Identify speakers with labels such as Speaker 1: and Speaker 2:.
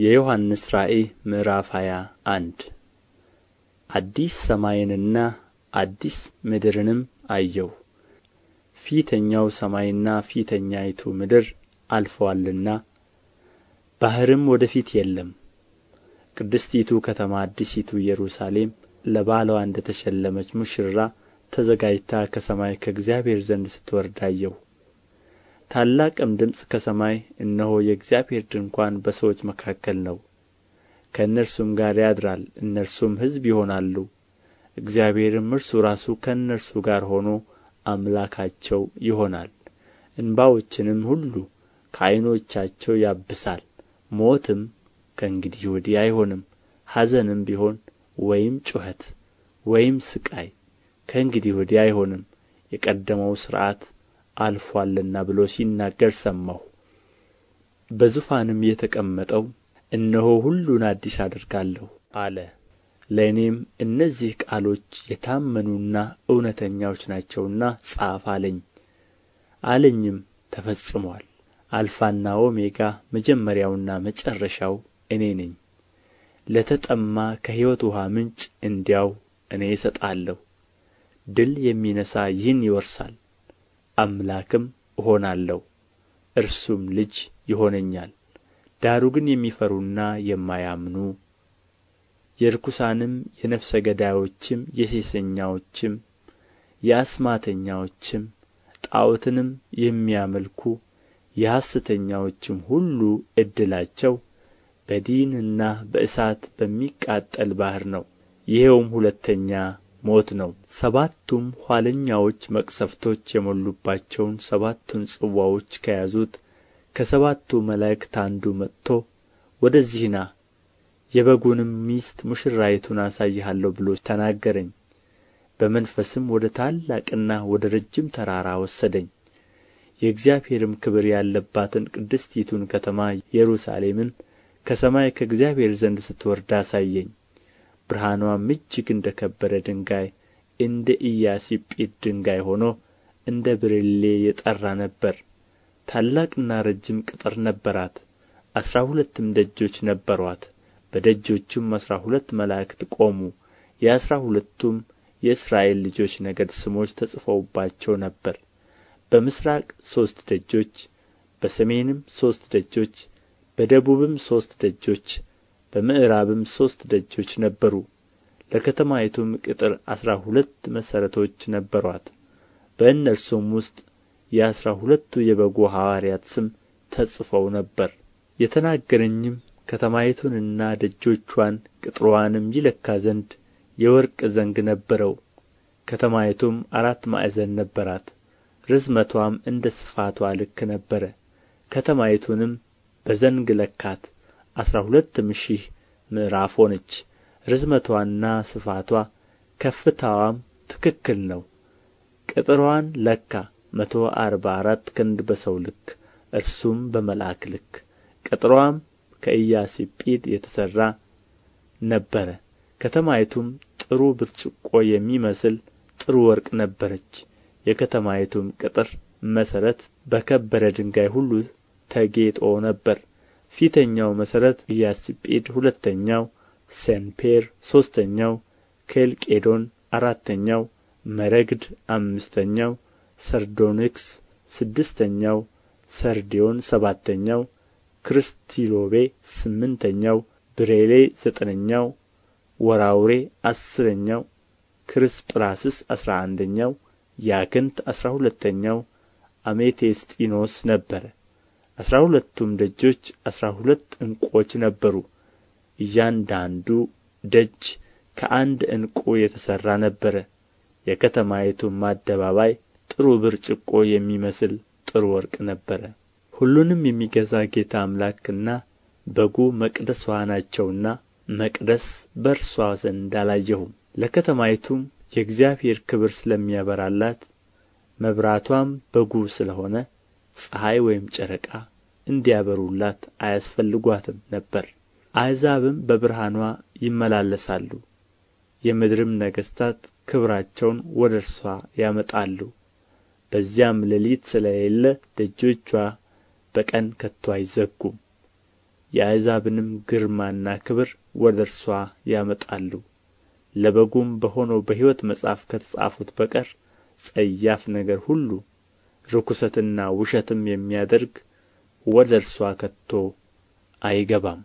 Speaker 1: የዮሐንስ ራእይ ምዕራፍ ሃያ አንድ አዲስ ሰማይንና አዲስ ምድርንም አየሁ ፊተኛው ሰማይና ፊተኛይቱ ምድር አልፈዋልና ባሕርም ወደ ፊት የለም ቅድስቲቱ ከተማ አዲሲቱ ኢየሩሳሌም ለባልዋ እንደ ተሸለመች ሙሽራ ተዘጋጅታ ከሰማይ ከእግዚአብሔር ዘንድ ስትወርድ አየሁ ታላቅም ድምፅ ከሰማይ እነሆ የእግዚአብሔር ድንኳን በሰዎች መካከል ነው ከእነርሱም ጋር ያድራል እነርሱም ሕዝብ ይሆናሉ እግዚአብሔርም እርሱ ራሱ ከእነርሱ ጋር ሆኖ አምላካቸው ይሆናል እንባዎችንም ሁሉ ከዐይኖቻቸው ያብሳል ሞትም ከእንግዲህ ወዲህ አይሆንም ሐዘንም ቢሆን ወይም ጩኸት ወይም ሥቃይ ከእንግዲህ ወዲህ አይሆንም የቀደመው ሥርዓት አልፎአልና ብሎ ሲናገር ሰማሁ በዙፋንም የተቀመጠው እነሆ ሁሉን አዲስ አደርጋለሁ አለ ለእኔም እነዚህ ቃሎች የታመኑና እውነተኛዎች ናቸውና ጻፍ አለኝ አለኝም ተፈጽሞአል አልፋና ኦሜጋ መጀመሪያውና መጨረሻው እኔ ነኝ ለተጠማ ከሕይወት ውኃ ምንጭ እንዲያው እኔ እሰጣለሁ ድል የሚነሣ ይህን ይወርሳል አምላክም እሆናለሁ እርሱም ልጅ ይሆነኛል ዳሩ ግን የሚፈሩና የማያምኑ የርኵሳንም የነፍሰ ገዳዮችም የሴሰኛዎችም የአስማተኛዎችም ጣዖትንም የሚያመልኩ የሐሰተኛዎችም ሁሉ ዕድላቸው በዲንና በእሳት በሚቃጠል ባሕር ነው ይኸውም ሁለተኛ ሞት ነው ሰባቱም ኋለኛዎች መቅሰፍቶች የሞሉባቸውን ሰባቱን ጽዋዎች ከያዙት ከሰባቱ መላእክት አንዱ መጥቶ ወደዚህ ና የበጉንም ሚስት ሙሽራይቱን አሳይሃለሁ ብሎ ተናገረኝ በመንፈስም ወደ ታላቅና ወደ ረጅም ተራራ ወሰደኝ የእግዚአብሔርም ክብር ያለባትን ቅድስቲቱን ከተማ ኢየሩሳሌምን ከሰማይ ከእግዚአብሔር ዘንድ ስትወርድ አሳየኝ ብርሃንዋም እጅግ እንደ ከበረ ድንጋይ እንደ ኢያሰጲድ ድንጋይ ሆኖ እንደ ብርሌ የጠራ ነበር። ታላቅና ረጅም ቅጥር ነበራት አሥራ ሁለትም ደጆች ነበሩአት በደጆቹም አሥራ ሁለት መላእክት ቆሙ የአሥራ ሁለቱም የእስራኤል ልጆች ነገድ ስሞች ተጽፈውባቸው ነበር በምሥራቅ ሦስት ደጆች በሰሜንም ሦስት ደጆች በደቡብም ሦስት ደጆች በምዕራብም ሦስት ደጆች ነበሩ ለከተማይቱም ቅጥር አሥራ ሁለት መሠረቶች ነበሩአት በእነርሱም ውስጥ የአሥራ ሁለቱ የበጉ ሐዋርያት ስም ተጽፈው ነበር የተናገረኝም ከተማይቱንና ደጆቿን ቅጥሯንም ይለካ ዘንድ የወርቅ ዘንግ ነበረው ከተማይቱም አራት ማዕዘን ነበራት ርዝመቷም እንደ ስፋቷ ልክ ነበረ ከተማይቱንም በዘንግ ለካት አሥራ ሁለትም ሺህ ምዕራፍ ሆነች ርዝመትዋና ስፋትዋ ከፍታዋም ትክክል ነው ቅጥርዋን ለካ መቶ አርባ አራት ክንድ በሰው ልክ እርሱም በመልአክ ልክ ቅጥርዋም ከኢያሰጲድ የተሠራ ነበረ ከተማይቱም ጥሩ ብርጭቆ የሚመስል ጥሩ ወርቅ ነበረች የከተማይቱም ቅጥር መሠረት በከበረ ድንጋይ ሁሉ ተጌጦ ነበር ፊተኛው መሠረት ኢያስጲድ፣ ሁለተኛው ሴምፔር፣ ሦስተኛው ኬልቄዶን አራተኛው መረግድ አምስተኛው ሰርዶንክስ ስድስተኛው ሰርዲዮን፣ ሰባተኛው ክርስቲሎቤ ስምንተኛው ብሬሌ ዘጠነኛው ወራውሬ አስረኛው ክርስጵራስስ አስራ አንደኛው ያክንት አስራ ሁለተኛው አሜቴስጢኖስ ነበረ አሥራ ሁለቱም ደጆች አሥራ ሁለት ዕንቆች ነበሩ እያንዳንዱ ደጅ ከአንድ ዕንቁ የተሠራ ነበረ የከተማይቱም አደባባይ ጥሩ ብርጭቆ የሚመስል ጥሩ ወርቅ ነበረ ሁሉንም የሚገዛ ጌታ አምላክና በጉ መቅደስዋ ናቸውና መቅደስ በእርሷ ዘንድ አላየሁም ለከተማይቱም የእግዚአብሔር ክብር ስለሚያበራላት መብራቷም በጉ ስለ ሆነ ፀሐይ ወይም ጨረቃ እንዲያበሩላት አያስፈልጓትም ነበር አሕዛብም በብርሃንዋ ይመላለሳሉ የምድርም ነገሥታት ክብራቸውን ወደ እርስዋ ያመጣሉ በዚያም ሌሊት ስለሌለ ደጆቿ በቀን ከቶ አይዘጉም የአሕዛብንም ግርማና ክብር ወደ እርሷ ያመጣሉ ለበጉም በሆነው በሕይወት መጽሐፍ ከተጻፉት በቀር ጸያፍ ነገር ሁሉ ርኵሰትና ውሸትም የሚያደርግ ወደ እርስዋ ከቶ አይገባም